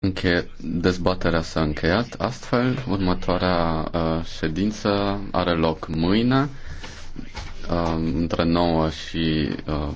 Înche- dezbaterea s-a încheiat, astfel următoarea uh, ședință are loc mâine uh, între 9 și uh,